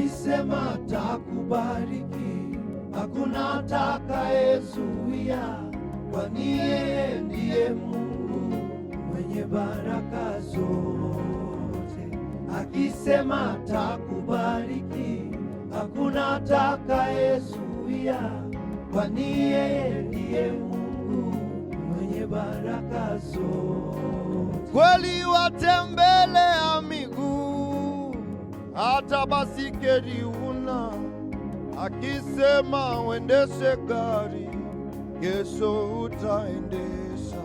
Ukisema takubariki, hakuna atakayezuia, kwani yeye ndiye Mungu mwenye baraka zote. Akisema takubariki, hakuna atakayezuia, kwani yeye ndiye Mungu mwenye baraka zote. Kweli watembele ami hata basi gari huna, akisema uendeshe gari, kesho utaendesha.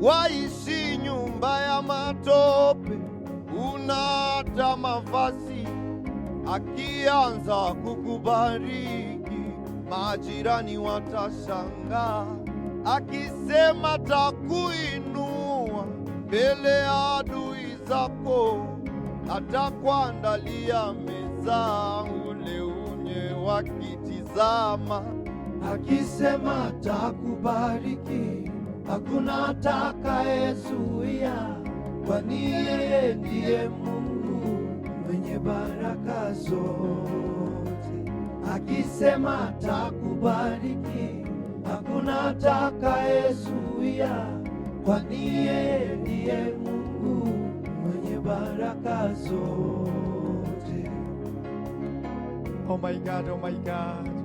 Waishi nyumba ya matope, una hata mavazi, akianza kukubariki majirani watashanga akisema takuinua mbele ya adui zako atakuandalia meza ule unye wakitizama, akisema atakubariki, hakuna atakayezuia, kwani yeye ndiye Mungu mwenye baraka zote. Akisema atakubariki, hakuna atakayezuia, kwani yeye ndiye Mungu exalted. Oh my God, oh my God.